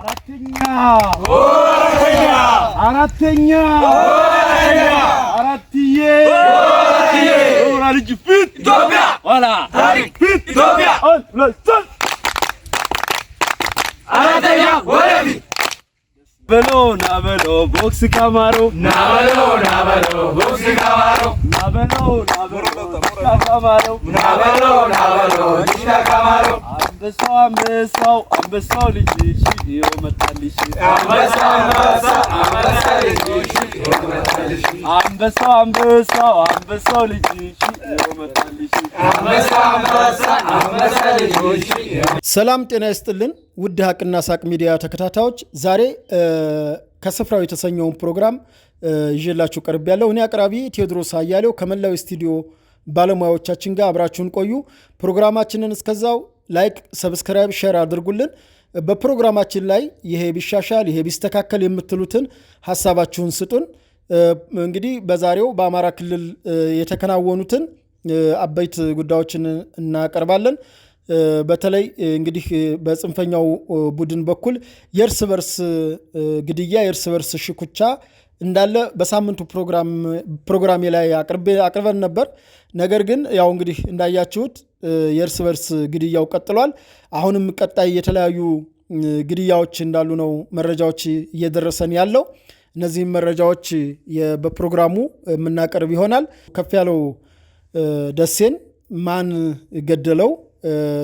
አራተኛ አራተኛ አራትዬ ልጅ ፊት ኢትዮጵያ ኋላ ታሪክ ፊት ኢትዮጵያ አራተኛ ወደፊት በሎ ናበሎ ቦክስ ካማሮ ናበሎ ናበሎ ቦክስ ካማሮ ናበሎ ናበሎ ካማሮ ናበሎ ናበሎ ካማሮ አንበሳው አንበሳው አንበሳው ይኸው መጣልሽ አንበሳው አንበሳው አንበሳው ይኸው መጣልሽ ሰላም ጤና ይስጥልን። ውድ ሀቅና ሳቅ ሚዲያ ተከታታዮች ዛሬ ከስፍራው የተሰኘውን ፕሮግራም ይዤላችሁ ቀርብ ያለው እኔ አቅራቢ ቴዎድሮስ አያሌው ከመላው ስቱዲዮ ባለሙያዎቻችን ጋር አብራችሁን ቆዩ። ፕሮግራማችንን እስከዛው ላይክ፣ ሰብስክራይብ፣ ሼር አድርጉልን። በፕሮግራማችን ላይ ይሄ ቢሻሻል ይሄ ቢስተካከል የምትሉትን ሀሳባችሁን ስጡን። እንግዲህ በዛሬው በአማራ ክልል የተከናወኑትን አበይት ጉዳዮችን እናቀርባለን። በተለይ እንግዲህ በጽንፈኛው ቡድን በኩል የእርስ በርስ ግድያ፣ የእርስ በርስ ሽኩቻ እንዳለ በሳምንቱ ፕሮግራሜ ላይ አቅርበን ነበር። ነገር ግን ያው እንግዲህ እንዳያችሁት የእርስ በርስ ግድያው ቀጥሏል። አሁንም ቀጣይ የተለያዩ ግድያዎች እንዳሉ ነው መረጃዎች እየደረሰን ያለው። እነዚህም መረጃዎች በፕሮግራሙ የምናቀርብ ይሆናል። ያለው ደሴን ማን ገደለው፣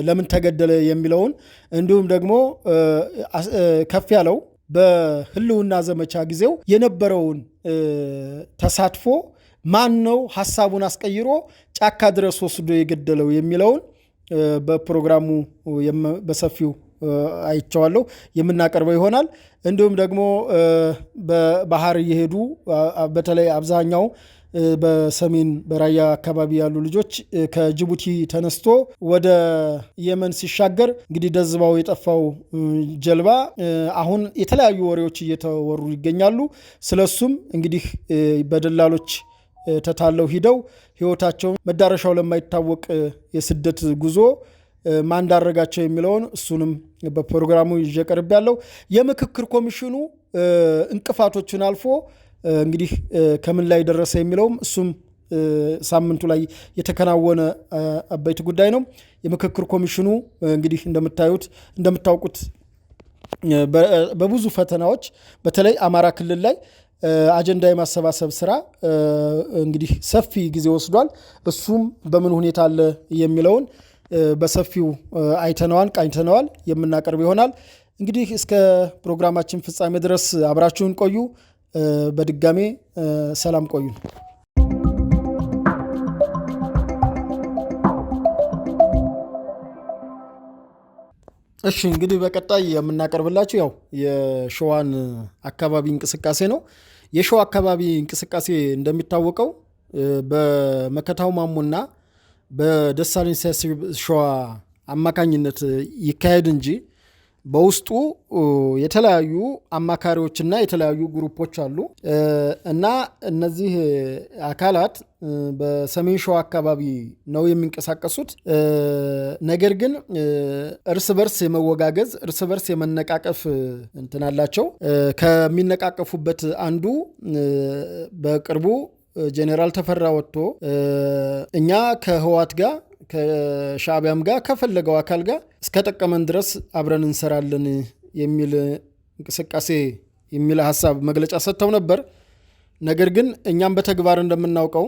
ለምን ተገደለ የሚለውን እንዲሁም ደግሞ ከፍ ያለው በህልውና ዘመቻ ጊዜው የነበረውን ተሳትፎ ማን ነው ሀሳቡን አስቀይሮ ጫካ ድረስ ወስዶ የገደለው የሚለውን በፕሮግራሙ በሰፊው አይቸዋለሁ የምናቀርበው ይሆናል። እንዲሁም ደግሞ በባህር እየሄዱ በተለይ አብዛኛው በሰሜን በራያ አካባቢ ያሉ ልጆች ከጅቡቲ ተነስቶ ወደ የመን ሲሻገር እንግዲህ ደዝባው የጠፋው ጀልባ አሁን የተለያዩ ወሬዎች እየተወሩ ይገኛሉ። ስለሱም እንግዲህ በደላሎች ተታለው ሂደው ህይወታቸውን መዳረሻው ለማይታወቅ የስደት ጉዞ ማንዳረጋቸው የሚለውን እሱንም በፕሮግራሙ ይዤ ቀርብ ያለው የምክክር ኮሚሽኑ እንቅፋቶችን አልፎ እንግዲህ ከምን ላይ ደረሰ የሚለውም እሱም ሳምንቱ ላይ የተከናወነ አበይት ጉዳይ ነው። የምክክር ኮሚሽኑ እንግዲህ እንደምታዩት እንደምታውቁት በብዙ ፈተናዎች በተለይ አማራ ክልል ላይ አጀንዳ የማሰባሰብ ስራ እንግዲህ ሰፊ ጊዜ ወስዷል። እሱም በምን ሁኔታ አለ የሚለውን በሰፊው አይተነዋል፣ ቃኝተነዋል፣ የምናቀርብ ይሆናል። እንግዲህ እስከ ፕሮግራማችን ፍጻሜ ድረስ አብራችሁን ቆዩ። በድጋሜ ሰላም ቆዩን። እሺ እንግዲህ በቀጣይ የምናቀርብላችሁ ያው የሸዋን አካባቢ እንቅስቃሴ ነው። የሸዋ አካባቢ እንቅስቃሴ እንደሚታወቀው በመከታው ማሞና በደሳለኝ ሸዋ አማካኝነት ይካሄድ እንጂ በውስጡ የተለያዩ አማካሪዎችና የተለያዩ ግሩፖች አሉ እና እነዚህ አካላት በሰሜን ሸዋ አካባቢ ነው የሚንቀሳቀሱት። ነገር ግን እርስ በርስ የመወጋገዝ እርስ በርስ የመነቃቀፍ እንትን አላቸው። ከሚነቃቀፉበት አንዱ በቅርቡ ጄኔራል ተፈራ ወጥቶ እኛ ከህዋት ጋር ከሻቢያም ጋር ከፈለገው አካል ጋር እስከጠቀመን ድረስ አብረን እንሰራለን የሚል እንቅስቃሴ የሚል ሀሳብ መግለጫ ሰጥተው ነበር። ነገር ግን እኛም በተግባር እንደምናውቀው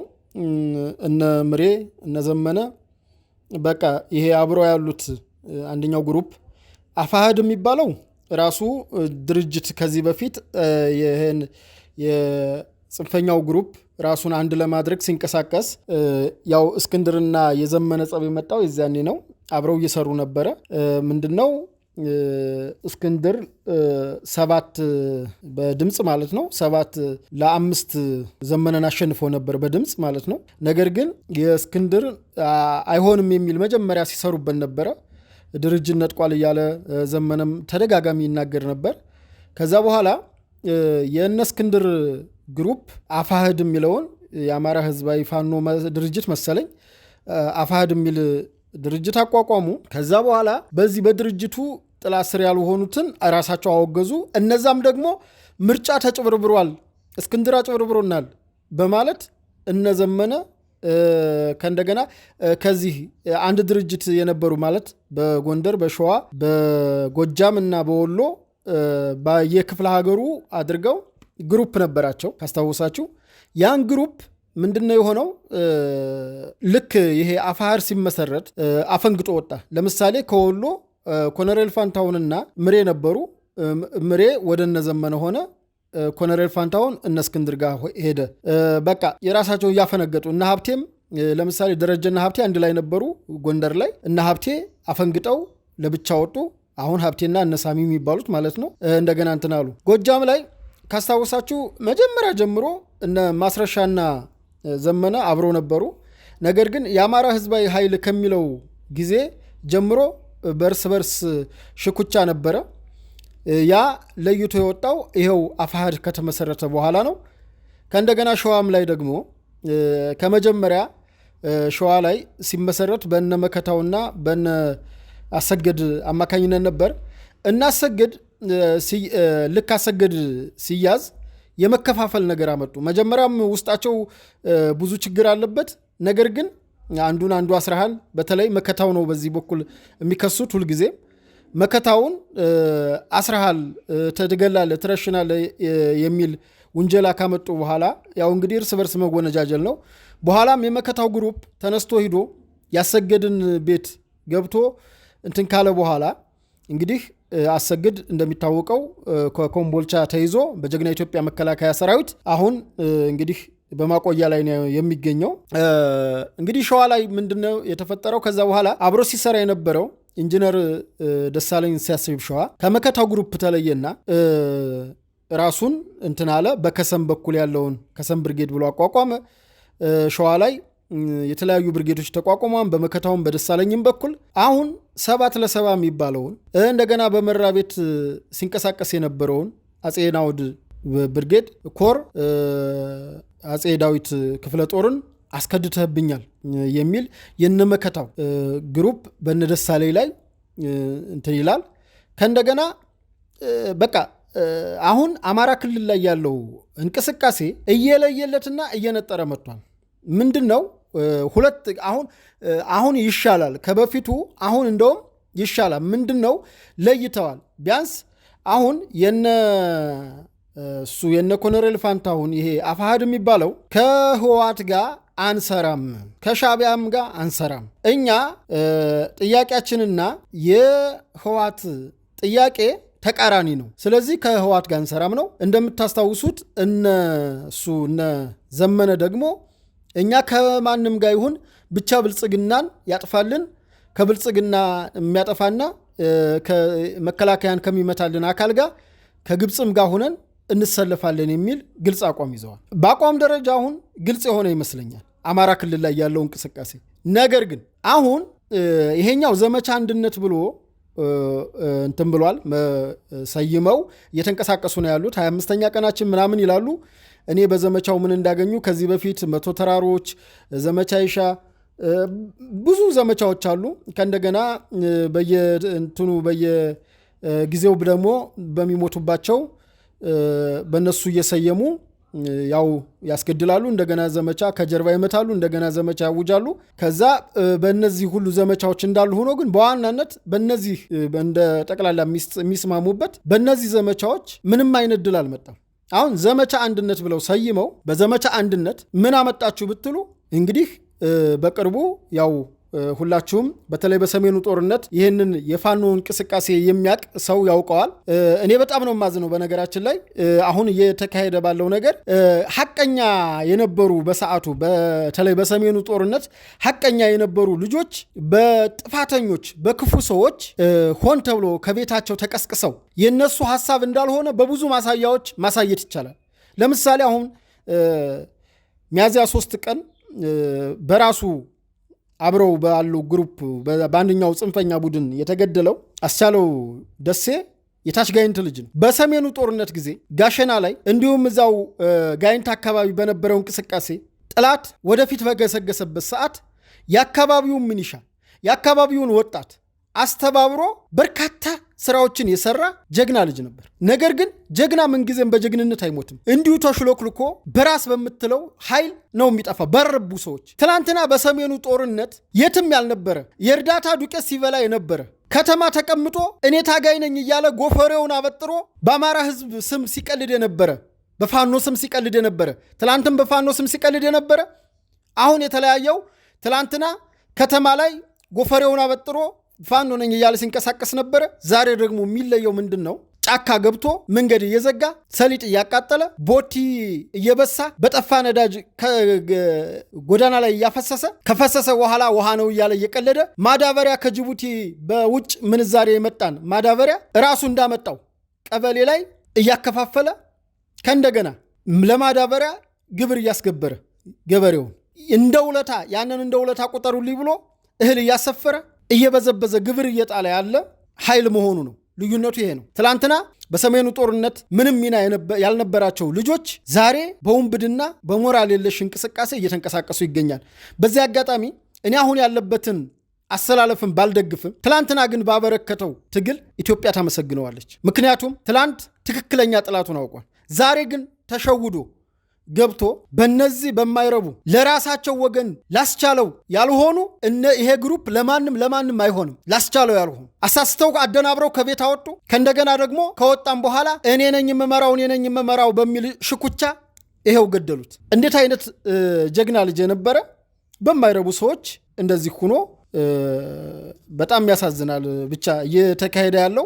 እነ ምሬ እነ ዘመነ በቃ ይሄ አብሮ ያሉት አንደኛው ግሩፕ አፋህድ የሚባለው ራሱ ድርጅት ከዚህ በፊት ይህን የጽንፈኛው ግሩፕ ራሱን አንድ ለማድረግ ሲንቀሳቀስ ያው እስክንድርና የዘመነ ጸብ የመጣው የዚያኔ ነው። አብረው እየሰሩ ነበረ። ምንድነው እስክንድር ሰባት በድምፅ ማለት ነው ሰባት ለአምስት ዘመነን አሸንፎ ነበር በድምፅ ማለት ነው። ነገር ግን የእስክንድር አይሆንም የሚል መጀመሪያ ሲሰሩበት ነበረ። ድርጅት ነጥቋል እያለ ዘመነም ተደጋጋሚ ይናገር ነበር። ከዛ በኋላ የእነ እስክንድር ግሩፕ አፋህድ የሚለውን የአማራ ህዝባዊ ፋኖ ድርጅት መሰለኝ አፋህድ የሚል ድርጅት አቋቋሙ። ከዛ በኋላ በዚህ በድርጅቱ ጥላ ስር ያልሆኑትን ራሳቸው አወገዙ። እነዛም ደግሞ ምርጫ ተጭበርብሯል፣ እስክንድር አጭበርብሮናል በማለት እነዘመነ ከእንደገና ከዚህ አንድ ድርጅት የነበሩ ማለት በጎንደር፣ በሸዋ፣ በጎጃም እና በወሎ የክፍለ ሀገሩ አድርገው ግሩፕ ነበራቸው ካስታወሳችሁ። ያን ግሩፕ ምንድነው የሆነው? ልክ ይሄ አፋሃር ሲመሰረት አፈንግጦ ወጣ። ለምሳሌ ከወሎ ኮነሬል ፋንታውንና ምሬ ነበሩ። ምሬ ወደ እነዘመነ ሆነ። ኮነሬል ፋንታውን እነ እስክንድር ጋር ሄደ። በቃ የራሳቸው እያፈነገጡ እነ ሀብቴም ለምሳሌ ደረጀና ሀብቴ አንድ ላይ ነበሩ ጎንደር ላይ። እነ ሀብቴ አፈንግጠው ለብቻ ወጡ። አሁን ሀብቴና እነ ሳሚ የሚባሉት ማለት ነው። እንደገና እንትን አሉ። ጎጃም ላይ ካስታወሳችሁ መጀመሪያ ጀምሮ እነ ማስረሻና ዘመነ አብሮ ነበሩ። ነገር ግን የአማራ ህዝባዊ ኃይል ከሚለው ጊዜ ጀምሮ በእርስ በርስ ሽኩቻ ነበረ። ያ ለይቶ የወጣው ይኸው አፋሕድ ከተመሰረተ በኋላ ነው። ከእንደገና ሸዋም ላይ ደግሞ ከመጀመሪያ ሸዋ ላይ ሲመሰረት በነ መከታውና በነ አሰግድ አማካኝነት ነበር። እናሰግድ ልክ አሰገድ ሲያዝ የመከፋፈል ነገር አመጡ። መጀመሪያም ውስጣቸው ብዙ ችግር አለበት። ነገር ግን አንዱን አንዱ አስራሃል። በተለይ መከታው ነው በዚህ በኩል የሚከሱት ሁልጊዜ መከታውን አስራሃል፣ ተድገላለ ትረሽናለ የሚል ውንጀላ ካመጡ በኋላ ያው እንግዲህ እርስ በርስ መወነጃጀል ነው። በኋላም የመከታው ግሩፕ ተነስቶ ሂዶ ያሰገድን ቤት ገብቶ እንትን ካለ በኋላ እንግዲህ አሰግድ እንደሚታወቀው ከኮምቦልቻ ተይዞ በጀግና ኢትዮጵያ መከላከያ ሰራዊት አሁን እንግዲህ በማቆያ ላይ ነው የሚገኘው። እንግዲህ ሸዋ ላይ ምንድነው የተፈጠረው? ከዛ በኋላ አብሮ ሲሰራ የነበረው ኢንጂነር ደሳለኝ ሲያስብ ሸዋ ከመከታው ግሩፕ ተለየና ራሱን እንትን አለ። በከሰም በኩል ያለውን ከሰም ብርጌድ ብሎ አቋቋመ። ሸዋ ላይ የተለያዩ ብርጌዶች ተቋቁመን በመከታውም በደሳለኝም በኩል አሁን ሰባት ለሰባ የሚባለውን እንደገና በመራ ቤት ሲንቀሳቀስ የነበረውን አጼ ናውድ ብርጌድ ኮር አጼ ዳዊት ክፍለ ጦርን አስከድተህብኛል የሚል የነመከታው ግሩፕ በነደሳለኝ ላይ እንትን ይላል። ከእንደገና በቃ አሁን አማራ ክልል ላይ ያለው እንቅስቃሴ እየለየለትና እየነጠረ መጥቷል። ምንድን ነው ሁለት አሁን አሁን ይሻላል ከበፊቱ አሁን እንደውም ይሻላል። ምንድን ነው ለይተዋል። ቢያንስ አሁን የነ እሱ የነ ኮሎኔል ፋንታሁን ይሄ አፋሃድ የሚባለው ከህወሓት ጋር አንሰራም ከሻቢያም ጋር አንሰራም። እኛ ጥያቄያችንና የህወሓት ጥያቄ ተቃራኒ ነው። ስለዚህ ከህወሓት ጋር አንሰራም ነው። እንደምታስታውሱት እነሱ እነ ዘመነ ደግሞ እኛ ከማንም ጋር ይሁን ብቻ ብልጽግናን ያጥፋልን ከብልጽግና የሚያጠፋና መከላከያን ከሚመታልን አካል ጋር ከግብፅም ጋር ሁነን እንሰለፋለን የሚል ግልጽ አቋም ይዘዋል። በአቋም ደረጃ አሁን ግልጽ የሆነ ይመስለኛል አማራ ክልል ላይ ያለው እንቅስቃሴ። ነገር ግን አሁን ይሄኛው ዘመቻ አንድነት ብሎ እንትን ብሏል ሰይመው እየተንቀሳቀሱ ነው ያሉት። ተኛ ቀናችን ምናምን ይላሉ። እኔ በዘመቻው ምን እንዳገኙ ከዚህ በፊት መቶ ተራሮች፣ ዘመቻ ይሻ ብዙ ዘመቻዎች አሉ። ከእንደገና በየእንትኑ በየጊዜው ደግሞ በሚሞቱባቸው በእነሱ እየሰየሙ ያው ያስገድላሉ። እንደገና ዘመቻ ከጀርባ ይመታሉ። እንደገና ዘመቻ ያውጃሉ። ከዛ በእነዚህ ሁሉ ዘመቻዎች እንዳሉ ሆኖ ግን በዋናነት በነዚህ እንደ ጠቅላላ የሚስማሙበት በእነዚህ ዘመቻዎች ምንም አይነት ድል አልመጣም። አሁን ዘመቻ አንድነት ብለው ሰይመው በዘመቻ አንድነት ምን አመጣችሁ ብትሉ እንግዲህ በቅርቡ ያው ሁላችሁም በተለይ በሰሜኑ ጦርነት ይህንን የፋኖ እንቅስቃሴ የሚያውቅ ሰው ያውቀዋል። እኔ በጣም ነው የማዝነው። በነገራችን ላይ አሁን እየተካሄደ ባለው ነገር ሀቀኛ የነበሩ በሰዓቱ በተለይ በሰሜኑ ጦርነት ሀቀኛ የነበሩ ልጆች በጥፋተኞች በክፉ ሰዎች ሆን ተብሎ ከቤታቸው ተቀስቅሰው የነሱ ሀሳብ እንዳልሆነ በብዙ ማሳያዎች ማሳየት ይቻላል። ለምሳሌ አሁን ሚያዝያ ሶስት ቀን በራሱ አብረው ባሉ ግሩፕ በአንደኛው ጽንፈኛ ቡድን የተገደለው አስቻለው ደሴ የታች ጋይንት ልጅ ነው። በሰሜኑ ጦርነት ጊዜ ጋሸና ላይ እንዲሁም እዛው ጋይንት አካባቢ በነበረው እንቅስቃሴ ጠላት ወደፊት በገሰገሰበት ሰዓት የአካባቢውን ሚኒሻ የአካባቢውን ወጣት አስተባብሮ በርካታ ስራዎችን የሰራ ጀግና ልጅ ነበር። ነገር ግን ጀግና ምንጊዜም በጀግንነት አይሞትም። እንዲሁ ተሽሎክልኮ በራስ በምትለው ኃይል ነው የሚጠፋ። በረቡ ሰዎች ትናንትና በሰሜኑ ጦርነት የትም ያልነበረ የእርዳታ ዱቄት ሲበላ የነበረ ከተማ ተቀምጦ እኔ ታጋይ ነኝ እያለ ጎፈሬውን አበጥሮ በአማራ ሕዝብ ስም ሲቀልድ የነበረ በፋኖ ስም ሲቀልድ የነበረ ትላንትም በፋኖ ስም ሲቀልድ የነበረ አሁን የተለያየው ትላንትና ከተማ ላይ ጎፈሬውን አበጥሮ ፋኖ ነኝ እያለ ሲንቀሳቀስ ነበረ። ዛሬ ደግሞ የሚለየው ምንድን ነው? ጫካ ገብቶ መንገድ እየዘጋ ሰሊጥ እያቃጠለ ቦቲ እየበሳ በጠፋ ነዳጅ ጎዳና ላይ እያፈሰሰ ከፈሰሰ በኋላ ውሃ ነው እያለ እየቀለደ ማዳበሪያ ከጅቡቲ በውጭ ምንዛሬ የመጣን ማዳበሪያ ራሱ እንዳመጣው ቀበሌ ላይ እያከፋፈለ ከእንደገና ለማዳበሪያ ግብር እያስገበረ ገበሬውን እንደ ውለታ ያንን እንደ ውለታ ቁጠሩልኝ ብሎ እህል እያሰፈረ እየበዘበዘ ግብር እየጣለ ያለ ኃይል መሆኑ ነው። ልዩነቱ ይሄ ነው። ትላንትና በሰሜኑ ጦርነት ምንም ሚና ያልነበራቸው ልጆች ዛሬ በውንብድና በሞራል የለሽ እንቅስቃሴ እየተንቀሳቀሱ ይገኛል። በዚህ አጋጣሚ እኔ አሁን ያለበትን አሰላለፍን ባልደግፍም ትላንትና ግን ባበረከተው ትግል ኢትዮጵያ ታመሰግነዋለች። ምክንያቱም ትላንት ትክክለኛ ጥላቱን አውቋል። ዛሬ ግን ተሸውዶ ገብቶ በነዚህ በማይረቡ ለራሳቸው ወገን ላስቻለው ያልሆኑ እነ ይሄ ግሩፕ ለማንም ለማንም አይሆንም። ላስቻለው ያልሆኑ አሳስተው አደናብረው ከቤት አወጡ። ከእንደገና ደግሞ ከወጣም በኋላ እኔ ነኝ የምመራው እኔ ነኝ የምመራው በሚል ሽኩቻ ይሄው ገደሉት። እንዴት አይነት ጀግና ልጅ የነበረ በማይረቡ ሰዎች እንደዚህ ሁኖ በጣም ያሳዝናል። ብቻ እየተካሄደ ያለው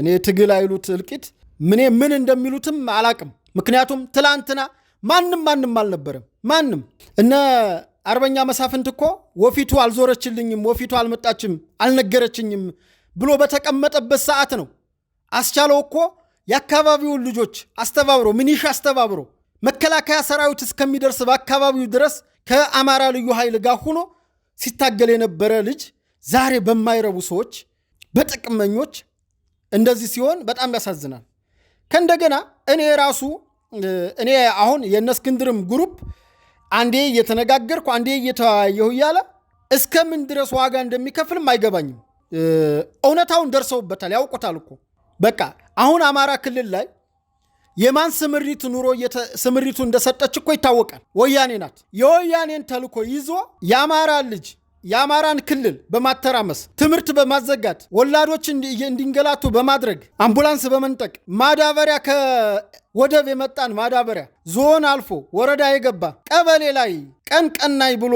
እኔ ትግል አይሉት እልቂት ምኔ ምን እንደሚሉትም አላቅም። ምክንያቱም ትላንትና ማንም ማንም አልነበረም። ማንም እነ አርበኛ መሳፍንት እኮ ወፊቱ አልዞረችልኝም፣ ወፊቱ አልመጣችም፣ አልነገረችኝም ብሎ በተቀመጠበት ሰዓት ነው አስቻለው እኮ የአካባቢውን ልጆች አስተባብሮ ምኒሽ አስተባብሮ መከላከያ ሰራዊት እስከሚደርስ በአካባቢው ድረስ ከአማራ ልዩ ኃይል ጋር ሆኖ ሲታገል የነበረ ልጅ ዛሬ በማይረቡ ሰዎች በጥቅመኞች እንደዚህ ሲሆን በጣም ያሳዝናል። ከእንደገና እኔ ራሱ እኔ አሁን የእነ እስክንድርም ግሩፕ አንዴ እየተነጋገርኩ አንዴ እየተወያየሁ እያለ እስከ ምን ድረስ ዋጋ እንደሚከፍልም አይገባኝም። እውነታውን ደርሰውበታል፣ ያውቁታል እኮ በቃ አሁን አማራ ክልል ላይ የማን ስምሪት ኑሮ ስምሪቱ እንደሰጠች እኮ ይታወቃል። ወያኔ ናት። የወያኔን ተልኮ ይዞ የአማራ ልጅ የአማራን ክልል በማተራመስ ትምህርት በማዘጋት ወላዶች እንዲንገላቱ በማድረግ አምቡላንስ በመንጠቅ ማዳበሪያ ከወደብ የመጣን ማዳበሪያ ዞን አልፎ ወረዳ የገባ ቀበሌ ላይ ቀን ቀናይ ብሎ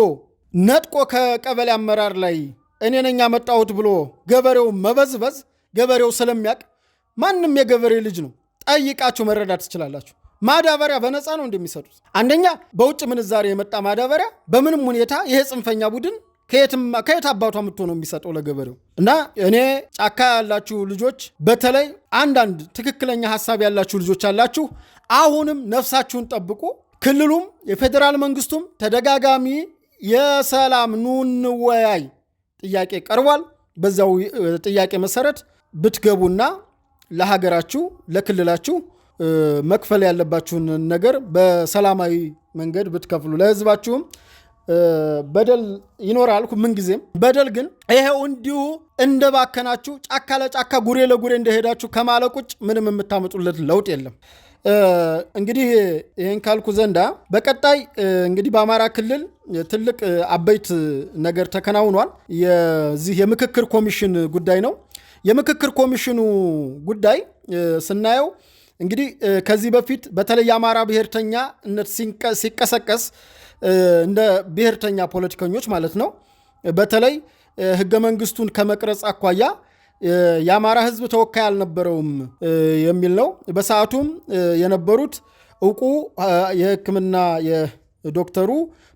ነጥቆ ከቀበሌ አመራር ላይ እኔ ነኝ ያመጣሁት ብሎ ገበሬው መበዝበዝ ገበሬው ስለሚያውቅ ማንም የገበሬ ልጅ ነው ጠይቃችሁ መረዳት ትችላላችሁ። ማዳበሪያ በነፃ ነው እንደሚሰጡት። አንደኛ በውጭ ምንዛሬ የመጣ ማዳበሪያ በምንም ሁኔታ ይሄ ጽንፈኛ ቡድን ከየት አባቷ ምቶ ነው የሚሰጠው ለገበሬው? እና እኔ ጫካ ያላችሁ ልጆች፣ በተለይ አንዳንድ ትክክለኛ ሀሳብ ያላችሁ ልጆች አላችሁ። አሁንም ነፍሳችሁን ጠብቁ። ክልሉም የፌዴራል መንግስቱም ተደጋጋሚ የሰላም ኑንወያይ ጥያቄ ቀርቧል። በዛው ጥያቄ መሰረት ብትገቡና ለሀገራችሁ ለክልላችሁ መክፈል ያለባችሁን ነገር በሰላማዊ መንገድ ብትከፍሉ ለህዝባችሁም በደል ይኖራል ምንጊዜም። በደል ግን ይሄው እንዲሁ እንደባከናችሁ ጫካ ለጫካ ጉሬ ለጉሬ እንደሄዳችሁ ከማለቅ ውጭ ምንም የምታመጡለት ለውጥ የለም። እንግዲህ ይህን ካልኩ ዘንዳ በቀጣይ እንግዲህ በአማራ ክልል ትልቅ አበይት ነገር ተከናውኗል። የዚህ የምክክር ኮሚሽን ጉዳይ ነው። የምክክር ኮሚሽኑ ጉዳይ ስናየው እንግዲህ ከዚህ በፊት በተለይ የአማራ ብሔርተኛነት ሲቀሰቀስ እንደ ብሔርተኛ ፖለቲከኞች ማለት ነው። በተለይ ህገ መንግስቱን ከመቅረጽ አኳያ የአማራ ህዝብ ተወካይ አልነበረውም የሚል ነው። በሰዓቱም የነበሩት እውቁ የህክምና ዶክተሩ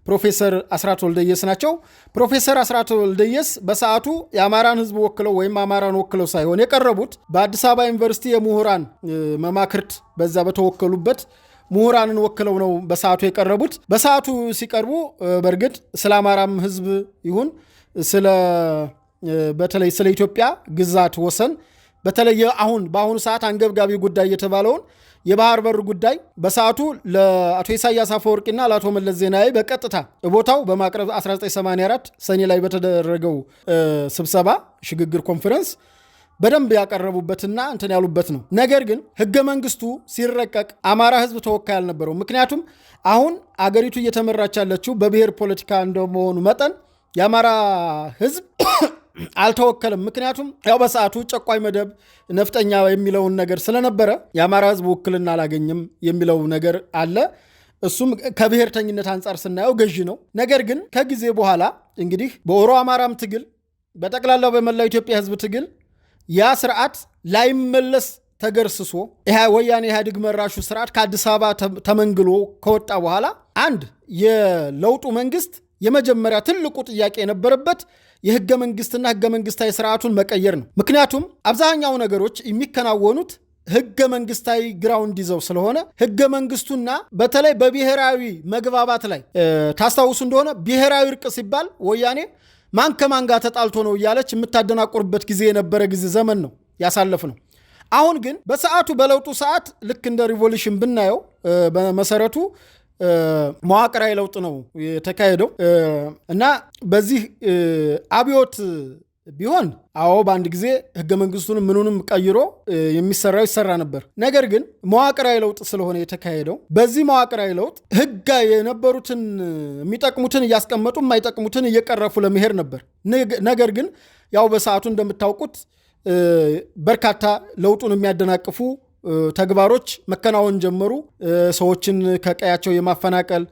ፕሮፌሰር አስራት ወልደየስ ናቸው። ፕሮፌሰር አስራት ወልደየስ በሰዓቱ የአማራን ህዝብ ወክለው ወይም አማራን ወክለው ሳይሆን የቀረቡት በአዲስ አበባ ዩኒቨርሲቲ የምሁራን መማክርት በዛ በተወከሉበት ምሁራንን ወክለው ነው በሰዓቱ የቀረቡት። በሰዓቱ ሲቀርቡ በእርግጥ ስለ አማራም ህዝብ ይሁን ስለ በተለይ ስለ ኢትዮጵያ ግዛት ወሰን በተለየ አሁን በአሁኑ ሰዓት አንገብጋቢ ጉዳይ የተባለውን የባህር በር ጉዳይ በሰዓቱ ለአቶ ኢሳያስ አፈወርቂና ለአቶ መለስ ዜናዊ በቀጥታ ቦታው በማቅረብ 1984 ሰኔ ላይ በተደረገው ስብሰባ ሽግግር ኮንፈረንስ በደንብ ያቀረቡበትና እንትን ያሉበት ነው። ነገር ግን ህገ መንግስቱ ሲረቀቅ አማራ ህዝብ ተወካይ አልነበረው። ምክንያቱም አሁን አገሪቱ እየተመራች ያለችው በብሔር ፖለቲካ እንደመሆኑ መጠን የአማራ ህዝብ አልተወከልም። ምክንያቱም ያው በሰዓቱ ጨቋኝ መደብ ነፍጠኛ የሚለውን ነገር ስለነበረ የአማራ ህዝብ ውክልና አላገኝም የሚለው ነገር አለ። እሱም ከብሔርተኝነት አንጻር ስናየው ገዢ ነው። ነገር ግን ከጊዜ በኋላ እንግዲህ በኦሮ አማራም ትግል በጠቅላላው በመላው ኢትዮጵያ ህዝብ ትግል ያ ስርዓት ላይመለስ ተገርስሶ ወያኔ ኢህአዴግ መራሹ ስርዓት ከአዲስ አበባ ተመንግሎ ከወጣ በኋላ አንድ የለውጡ መንግስት የመጀመሪያ ትልቁ ጥያቄ የነበረበት የህገ መንግስትና ህገ መንግስታዊ ስርዓቱን መቀየር ነው። ምክንያቱም አብዛኛው ነገሮች የሚከናወኑት ህገ መንግስታዊ ግራውንድ ይዘው ስለሆነ ህገ መንግስቱና በተለይ በብሔራዊ መግባባት ላይ ታስታውሱ እንደሆነ ብሔራዊ እርቅ ሲባል ወያኔ ማን ከማን ጋር ተጣልቶ ነው እያለች የምታደናቁርበት ጊዜ የነበረ ጊዜ ዘመን ነው ያሳለፍ ነው። አሁን ግን በሰዓቱ በለውጡ ሰዓት ልክ እንደ ሪቮሉሽን ብናየው በመሰረቱ መዋቅራዊ ለውጥ ነው የተካሄደው እና በዚህ አብዮት ቢሆን አዎ በአንድ ጊዜ ህገ መንግስቱን ምኑንም ቀይሮ የሚሰራው ይሰራ ነበር። ነገር ግን መዋቅራዊ ለውጥ ስለሆነ የተካሄደው በዚህ መዋቅራዊ ለውጥ ህጋ የነበሩትን የሚጠቅሙትን እያስቀመጡ የማይጠቅሙትን እየቀረፉ ለመሄድ ነበር። ነገር ግን ያው በሰዓቱ እንደምታውቁት በርካታ ለውጡን የሚያደናቅፉ ተግባሮች መከናወን ጀመሩ። ሰዎችን ከቀያቸው የማፈናቀል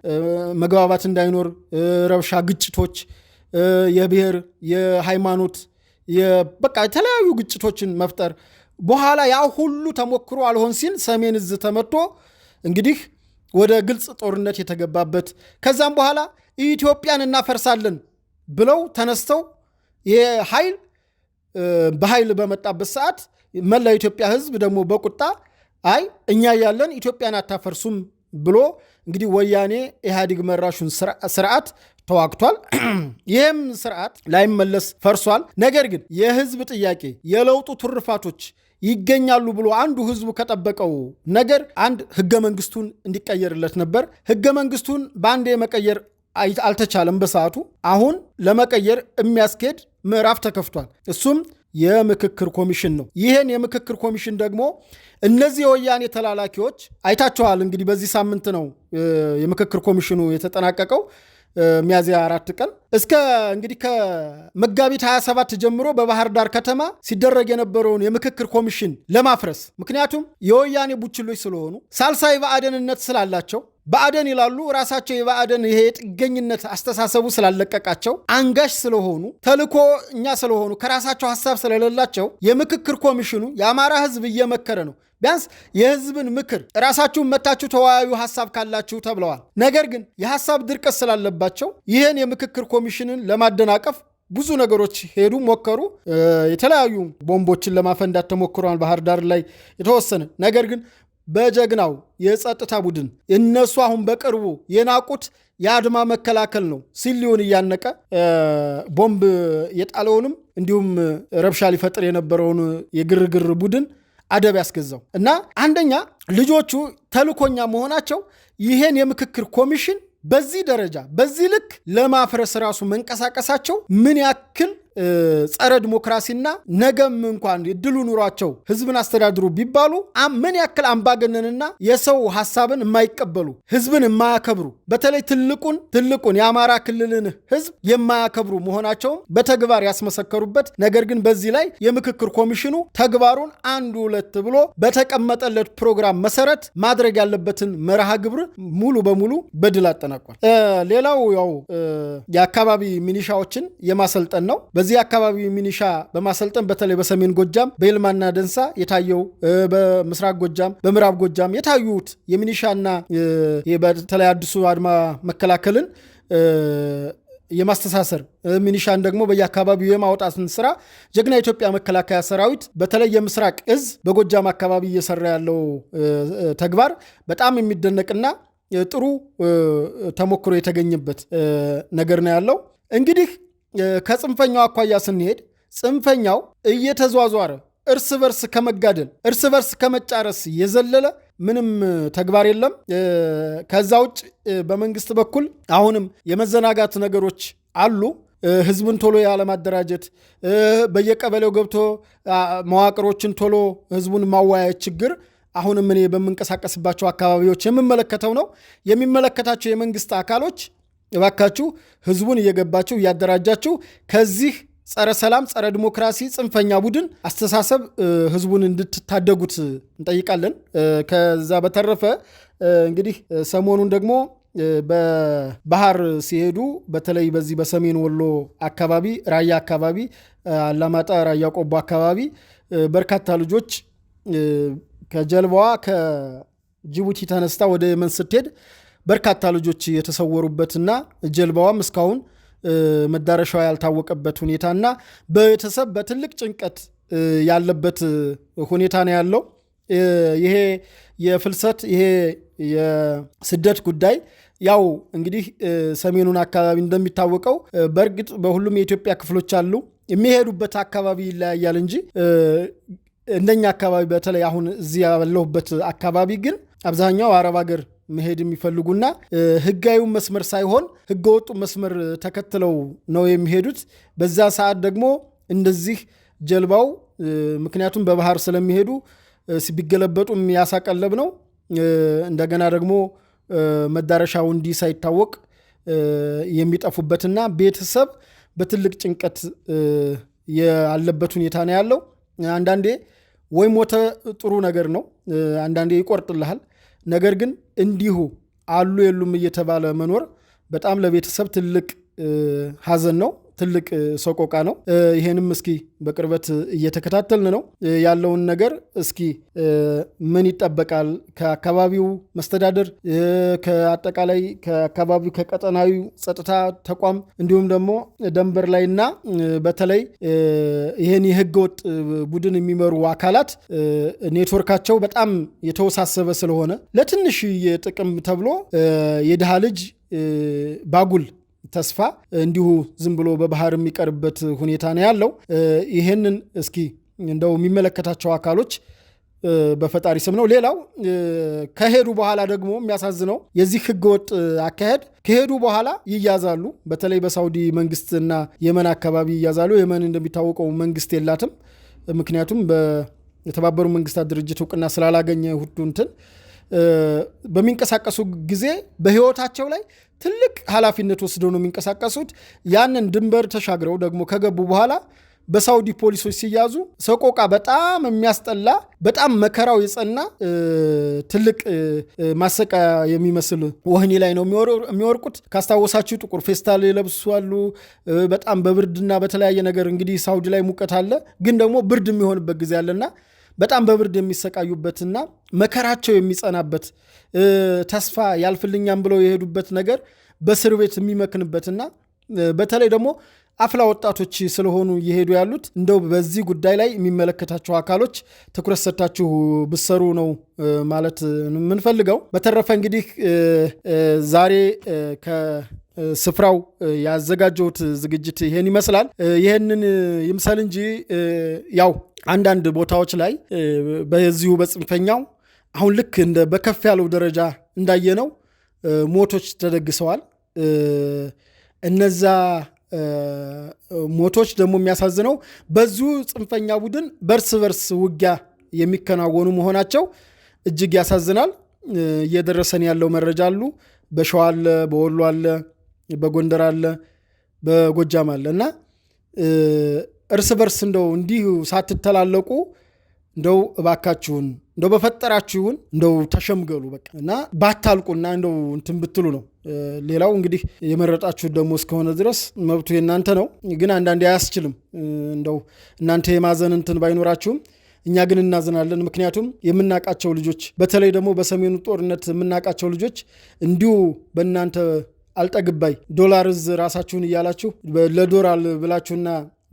መግባባት እንዳይኖር፣ ረብሻ፣ ግጭቶች የብሔር፣ የሃይማኖት በቃ የተለያዩ ግጭቶችን መፍጠር በኋላ ያ ሁሉ ተሞክሮ አልሆን ሲል ሰሜን እዝ ተመቶ እንግዲህ ወደ ግልጽ ጦርነት የተገባበት ከዛም በኋላ ኢትዮጵያን እናፈርሳለን ብለው ተነስተው የኃይል በኃይል በመጣበት ሰዓት መላ ኢትዮጵያ ህዝብ ደግሞ በቁጣ አይ እኛ ያለን ኢትዮጵያን አታፈርሱም ብሎ እንግዲህ ወያኔ ኢህአዲግ መራሹን ስርዓት ተዋግቷል። ይህም ስርዓት ላይመለስ ፈርሷል። ነገር ግን የህዝብ ጥያቄ የለውጡ ትርፋቶች ይገኛሉ ብሎ አንዱ ህዝቡ ከጠበቀው ነገር አንድ ህገ መንግስቱን እንዲቀየርለት ነበር። ህገ መንግስቱን በአንዴ መቀየር አልተቻለም በሰዓቱ። አሁን ለመቀየር የሚያስኬድ ምዕራፍ ተከፍቷል። እሱም የምክክር ኮሚሽን ነው። ይህን የምክክር ኮሚሽን ደግሞ እነዚህ የወያኔ ተላላኪዎች አይታችኋል። እንግዲህ በዚህ ሳምንት ነው የምክክር ኮሚሽኑ የተጠናቀቀው። ሚያዝያ አራት ቀን እስከ እንግዲህ ከመጋቢት 27 ጀምሮ በባህር ዳር ከተማ ሲደረግ የነበረውን የምክክር ኮሚሽን ለማፍረስ ምክንያቱም የወያኔ ቡችሎች ስለሆኑ ሳልሳይ በአደንነት ስላላቸው በአደን ይላሉ ራሳቸው የባዕደን ይሄ የጥገኝነት አስተሳሰቡ ስላለቀቃቸው አንጋሽ ስለሆኑ ተልኮ እኛ ስለሆኑ ከራሳቸው ሀሳብ ስለሌላቸው የምክክር ኮሚሽኑ የአማራ ህዝብ እየመከረ ነው። ቢያንስ የህዝብን ምክር ራሳችሁን መታችሁ ተወያዩ ሀሳብ ካላችሁ ተብለዋል። ነገር ግን የሀሳብ ድርቀት ስላለባቸው ይህን የምክክር ኮሚሽንን ለማደናቀፍ ብዙ ነገሮች ሄዱ፣ ሞከሩ። የተለያዩ ቦምቦችን ለማፈንዳት ተሞክሯል፣ ባህር ዳር ላይ የተወሰነ ነገር ግን በጀግናው የጸጥታ ቡድን እነሱ አሁን በቅርቡ የናቁት የአድማ መከላከል ነው። ሊሆን እያነቀ ቦምብ የጣለውንም እንዲሁም ረብሻ ሊፈጥር የነበረውን የግርግር ቡድን አደብ ያስገዛው እና አንደኛ ልጆቹ ተልኮኛ መሆናቸው ይሄን የምክክር ኮሚሽን በዚህ ደረጃ በዚህ ልክ ለማፍረስ ራሱ መንቀሳቀሳቸው ምን ያክል ጸረ ዲሞክራሲና ነገም እንኳን ድሉ ኑሯቸው ህዝብን አስተዳድሩ ቢባሉ ምን ያክል አምባገነንና የሰው ሀሳብን የማይቀበሉ ህዝብን የማያከብሩ በተለይ ትልቁን ትልቁን የአማራ ክልልን ህዝብ የማያከብሩ መሆናቸውም በተግባር ያስመሰከሩበት ነገር ግን በዚህ ላይ የምክክር ኮሚሽኑ ተግባሩን አንድ ሁለት ብሎ በተቀመጠለት ፕሮግራም መሰረት ማድረግ ያለበትን መርሃ ግብር ሙሉ በሙሉ በድል አጠናቋል። ሌላው ያው የአካባቢ ሚኒሻዎችን የማሰልጠን ነው። በዚህ አካባቢ ሚኒሻ በማሰልጠን በተለይ በሰሜን ጎጃም በይልማና ደንሳ የታየው በምስራቅ ጎጃም በምዕራብ ጎጃም የታዩት የሚኒሻና በተለይ አዲሱ አድማ መከላከልን የማስተሳሰር ሚኒሻን ደግሞ በየአካባቢው የማውጣትን ስራ ጀግና የኢትዮጵያ መከላከያ ሰራዊት በተለይ የምስራቅ እዝ በጎጃም አካባቢ እየሰራ ያለው ተግባር በጣም የሚደነቅና ጥሩ ተሞክሮ የተገኘበት ነገር ነው ያለው። እንግዲህ ከጽንፈኛው አኳያ ስንሄድ ጽንፈኛው እየተዟዟረ እርስ በርስ ከመጋደል እርስ በርስ ከመጫረስ የዘለለ ምንም ተግባር የለም። ከዛ ውጭ በመንግስት በኩል አሁንም የመዘናጋት ነገሮች አሉ። ህዝብን ቶሎ ያለማደራጀት፣ በየቀበሌው ገብቶ መዋቅሮችን ቶሎ ህዝቡን ማወያየት ችግር አሁንም እኔ በምንቀሳቀስባቸው አካባቢዎች የምመለከተው ነው። የሚመለከታቸው የመንግስት አካሎች እባካችሁ ህዝቡን እየገባችሁ እያደራጃችሁ ከዚህ ጸረ ሰላም፣ ጸረ ዲሞክራሲ ጽንፈኛ ቡድን አስተሳሰብ ህዝቡን እንድትታደጉት እንጠይቃለን። ከዛ በተረፈ እንግዲህ ሰሞኑን ደግሞ በባህር ሲሄዱ በተለይ በዚህ በሰሜን ወሎ አካባቢ ራያ አካባቢ አላማጣ፣ ራያ ቆቦ አካባቢ በርካታ ልጆች ከጀልባዋ ከጅቡቲ ተነስታ ወደ የመን ስትሄድ በርካታ ልጆች የተሰወሩበትና ጀልባዋም እስካሁን መዳረሻዋ ያልታወቀበት ሁኔታና በቤተሰብ በትልቅ ጭንቀት ያለበት ሁኔታ ነው ያለው። ይሄ የፍልሰት ይሄ የስደት ጉዳይ ያው እንግዲህ ሰሜኑን አካባቢ እንደሚታወቀው በእርግጥ በሁሉም የኢትዮጵያ ክፍሎች አሉ የሚሄዱበት አካባቢ ይለያያል እንጂ እንደኛ አካባቢ በተለይ አሁን እዚህ ያለሁበት አካባቢ ግን አብዛኛው አረብ ሀገር መሄድ የሚፈልጉና ህጋዊውን መስመር ሳይሆን ህገወጡ መስመር ተከትለው ነው የሚሄዱት። በዛ ሰዓት ደግሞ እንደዚህ ጀልባው ምክንያቱም በባህር ስለሚሄዱ ቢገለበጡ የሚያሳቀለብ ነው። እንደገና ደግሞ መዳረሻው እንዲህ ሳይታወቅ የሚጠፉበትና ቤተሰብ በትልቅ ጭንቀት ያለበት ሁኔታ ነው ያለው አንዳንዴ ወይ ሞተ ጥሩ ነገር ነው፣ አንዳንዴ ይቆርጥልሃል። ነገር ግን እንዲሁ አሉ የሉም እየተባለ መኖር በጣም ለቤተሰብ ትልቅ ሀዘን ነው። ትልቅ ሰቆቃ ነው። ይሄንም እስኪ በቅርበት እየተከታተልን ነው ያለውን ነገር እስኪ ምን ይጠበቃል ከአካባቢው መስተዳደር ከአጠቃላይ ከአካባቢው ከቀጠናዊ ጸጥታ ተቋም እንዲሁም ደግሞ ደንበር ላይ እና በተለይ ይህን የህገወጥ ቡድን የሚመሩ አካላት ኔትወርካቸው በጣም የተወሳሰበ ስለሆነ ለትንሽ የጥቅም ተብሎ የድሃ ልጅ ባጉል ተስፋ እንዲሁ ዝም ብሎ በባህር የሚቀርበት ሁኔታ ነው ያለው። ይህንን እስኪ እንደው የሚመለከታቸው አካሎች በፈጣሪ ስም ነው። ሌላው ከሄዱ በኋላ ደግሞ የሚያሳዝነው የዚህ ህገወጥ አካሄድ ከሄዱ በኋላ ይያዛሉ። በተለይ በሳውዲ መንግስትና የመን አካባቢ ይያዛሉ። የመን እንደሚታወቀው መንግስት የላትም። ምክንያቱም በተባበሩ መንግስታት ድርጅት እውቅና ስላላገኘ ሁዱ እንትን በሚንቀሳቀሱ ጊዜ በህይወታቸው ላይ ትልቅ ኃላፊነት ወስደው ነው የሚንቀሳቀሱት። ያንን ድንበር ተሻግረው ደግሞ ከገቡ በኋላ በሳውዲ ፖሊሶች ሲያዙ ሰቆቃ በጣም የሚያስጠላ በጣም መከራው የጸና ትልቅ ማሰቃያ የሚመስል ወህኒ ላይ ነው የሚወርቁት። ካስታወሳችሁ ጥቁር ፌስታል ይለብሳሉ። በጣም በብርድና በተለያየ ነገር እንግዲህ ሳውዲ ላይ ሙቀት አለ፣ ግን ደግሞ ብርድ የሚሆንበት ጊዜ አለና በጣም በብርድ የሚሰቃዩበትና መከራቸው የሚጸናበት ተስፋ ያልፍልኛም ብለው የሄዱበት ነገር በእስር ቤት የሚመክንበትና በተለይ ደግሞ አፍላ ወጣቶች ስለሆኑ እየሄዱ ያሉት እንደው በዚህ ጉዳይ ላይ የሚመለከታቸው አካሎች ትኩረት ሰጥታችሁ ብሰሩ ነው ማለት የምንፈልገው። በተረፈ እንግዲህ ዛሬ ከስፍራው ያዘጋጀሁት ዝግጅት ይሄን ይመስላል። ይሄንን ይምሰል እንጂ ያው አንዳንድ ቦታዎች ላይ በዚሁ በጽንፈኛው አሁን ልክ እንደ በከፍ ያለው ደረጃ እንዳየነው ሞቶች ተደግሰዋል እነዛ ሞቶች ደግሞ የሚያሳዝነው በዚሁ ጽንፈኛ ቡድን በእርስ በርስ ውጊያ የሚከናወኑ መሆናቸው እጅግ ያሳዝናል። እየደረሰን ያለው መረጃ አሉ። በሸዋ አለ፣ በወሎ አለ፣ በጎንደር አለ፣ በጎጃም አለ እና እርስ በርስ እንደው እንዲህ ሳትተላለቁ እንደው እባካችሁን እንደው በፈጠራችሁን እንደው ተሸምገሉ በቃ እና ባታልቁና እንደው እንትን ብትሉ ነው። ሌላው እንግዲህ የመረጣችሁ ደግሞ እስከሆነ ድረስ መብቱ የእናንተ ነው። ግን አንዳንዴ አያስችልም። እንደው እናንተ የማዘን እንትን ባይኖራችሁም እኛ ግን እናዝናለን። ምክንያቱም የምናቃቸው ልጆች በተለይ ደግሞ በሰሜኑ ጦርነት የምናቃቸው ልጆች እንዲሁ በእናንተ አልጠግባይ ዶላርዝ ራሳችሁን እያላችሁ ለዶራል ብላችሁና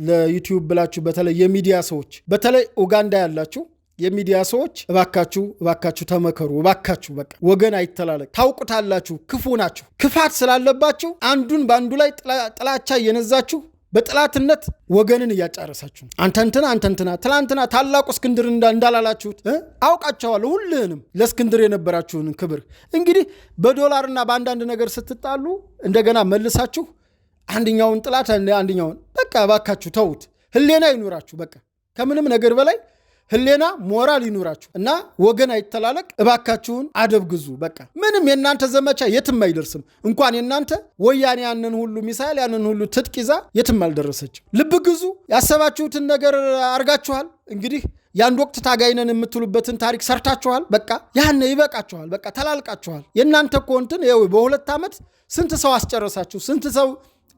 ለዩቲዩብ ብላችሁ በተለይ የሚዲያ ሰዎች በተለይ ኡጋንዳ ያላችሁ የሚዲያ ሰዎች እባካችሁ እባካችሁ ተመከሩ፣ እባካችሁ በቃ ወገን አይተላለቅ። ታውቁታላችሁ፣ ክፉ ናችሁ። ክፋት ስላለባችሁ አንዱን በአንዱ ላይ ጥላቻ እየነዛችሁ በጥላትነት ወገንን እያጫረሳችሁ አንተንትና አንተንትና ትላንትና ታላቁ እስክንድር እንዳላላችሁት አውቃቸዋለሁ። ሁልህንም ለእስክንድር የነበራችሁን ክብር እንግዲህ በዶላርና በአንዳንድ ነገር ስትጣሉ እንደገና መልሳችሁ አንድኛውን ጥላት አንድኛውን በቃ እባካችሁ ተዉት። ህሌና ይኑራችሁ። በቃ ከምንም ነገር በላይ ህሌና ሞራል ይኑራችሁ እና ወገን አይተላለቅ። እባካችሁን አደብ ግዙ። በቃ ምንም የእናንተ ዘመቻ የትም አይደርስም። እንኳን የእናንተ ወያኔ ያንን ሁሉ ሚሳይል ያንን ሁሉ ትጥቅ ይዛ የትም አልደረሰችም። ልብ ግዙ። ያሰባችሁትን ነገር አርጋችኋል። እንግዲህ የአንድ ወቅት ታጋይነን የምትሉበትን ታሪክ ሰርታችኋል። በቃ ያነ ይበቃችኋል። በቃ ተላልቃችኋል። የእናንተ እኮ እንትን በሁለት ዓመት ስንት ሰው አስጨረሳችሁ? ስንት ሰው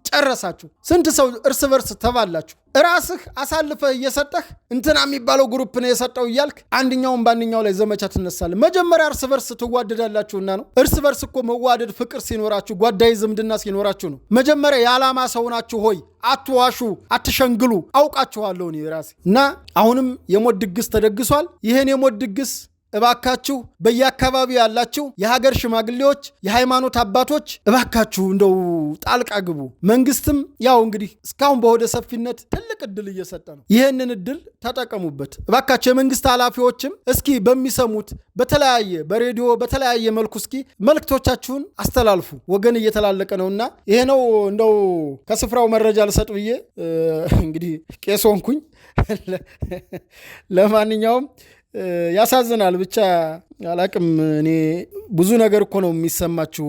ጨረሳችሁ። ስንት ሰው እርስ በርስ ተባላችሁ። ራስህ አሳልፈህ እየሰጠህ እንትና የሚባለው ግሩፕ ነው የሰጠው እያልክ አንድኛውን በአንድኛው ላይ ዘመቻ ትነሳለህ። መጀመሪያ እርስ በርስ ትዋደዳላችሁና ነው። እርስ በርስ እኮ መዋደድ ፍቅር ሲኖራችሁ፣ ጓዳይ ዝምድና ሲኖራችሁ ነው። መጀመሪያ የዓላማ ሰው ናችሁ ሆይ አትዋሹ፣ አትሸንግሉ። አውቃችኋለሁ እኔ ራሴ እና አሁንም የሞት ድግስ ተደግሷል። ይህን የሞት ድግስ እባካችሁ በየአካባቢው ያላችሁ የሀገር ሽማግሌዎች፣ የሃይማኖት አባቶች እባካችሁ እንደው ጣልቃ ግቡ። መንግስትም ያው እንግዲህ እስካሁን በሆደ ሰፊነት ትልቅ እድል እየሰጠ ነው። ይህንን እድል ተጠቀሙበት እባካችሁ። የመንግስት ኃላፊዎችም እስኪ በሚሰሙት በተለያየ በሬዲዮ በተለያየ መልኩ እስኪ መልእክቶቻችሁን አስተላልፉ። ወገን እየተላለቀ ነውና ይሄ ነው እንደው ከስፍራው መረጃ ልሰጥ ብዬ እንግዲህ ቄስ ሆንኩኝ። ለማንኛውም ያሳዝናል። ብቻ አላቅም። እኔ ብዙ ነገር እኮ ነው የሚሰማችው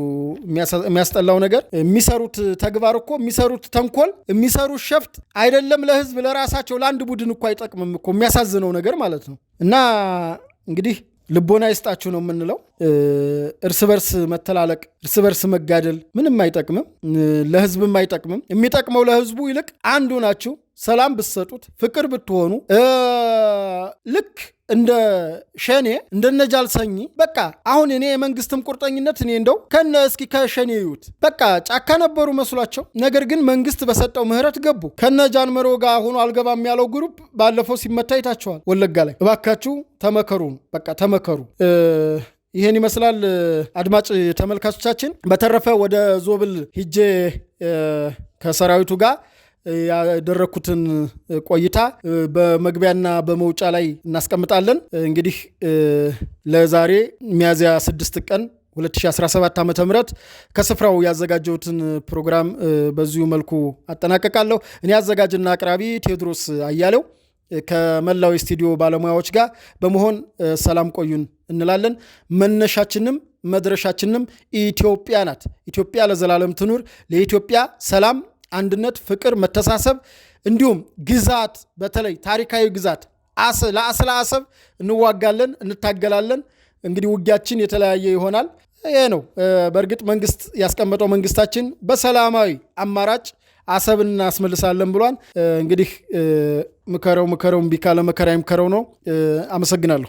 የሚያስጠላው ነገር የሚሰሩት ተግባር እኮ የሚሰሩት ተንኮል፣ የሚሰሩት ሸፍት አይደለም ለህዝብ ለራሳቸው ለአንድ ቡድን እኮ አይጠቅምም እኮ የሚያሳዝነው ነገር ማለት ነው። እና እንግዲህ ልቦና ይስጣችሁ ነው የምንለው። እርስ በርስ መተላለቅ፣ እርስ በርስ መጋደል ምንም አይጠቅምም፣ ለህዝብም አይጠቅምም። የሚጠቅመው ለህዝቡ ይልቅ አንዱ ናችሁ ሰላም ብትሰጡት፣ ፍቅር ብትሆኑ ልክ እንደ ሸኔ እንደነ ጃልሰኝ በቃ አሁን እኔ የመንግስትም ቁርጠኝነት እኔ እንደው ከነ እስኪ ከሸኔ ይዩት በቃ ጫካ ነበሩ መስሏቸው፣ ነገር ግን መንግስት በሰጠው ምህረት ገቡ። ከነ ጃንመሮ ጋር ሆኖ አልገባም ያለው ግሩፕ ባለፈው ሲመታ ይታቸዋል ወለጋ ላይ። እባካችሁ ተመከሩ፣ በቃ ተመከሩ። ይህን ይመስላል አድማጭ ተመልካቾቻችን። በተረፈ ወደ ዞብል ሂጄ ከሰራዊቱ ጋር ያደረግኩትን ቆይታ በመግቢያና በመውጫ ላይ እናስቀምጣለን። እንግዲህ ለዛሬ ሚያዝያ 6 ቀን 2017 ዓ ም ከስፍራው ያዘጋጀሁትን ፕሮግራም በዚሁ መልኩ አጠናቀቃለሁ። እኔ አዘጋጅና አቅራቢ ቴዎድሮስ አያሌው ከመላው የስቱዲዮ ባለሙያዎች ጋር በመሆን ሰላም ቆዩን እንላለን። መነሻችንም መድረሻችንም ኢትዮጵያ ናት። ኢትዮጵያ ለዘላለም ትኑር። ለኢትዮጵያ ሰላም አንድነት፣ ፍቅር፣ መተሳሰብ እንዲሁም ግዛት በተለይ ታሪካዊ ግዛት ለአስለ አሰብ እንዋጋለን፣ እንታገላለን። እንግዲህ ውጊያችን የተለያየ ይሆናል። ይሄ ነው በእርግጥ መንግስት ያስቀመጠው መንግስታችን በሰላማዊ አማራጭ አሰብን እናስመልሳለን ብሏል። እንግዲህ ምከረው ምከረው እምቢ ካለ መከራ ይምከረው ነው። አመሰግናለሁ።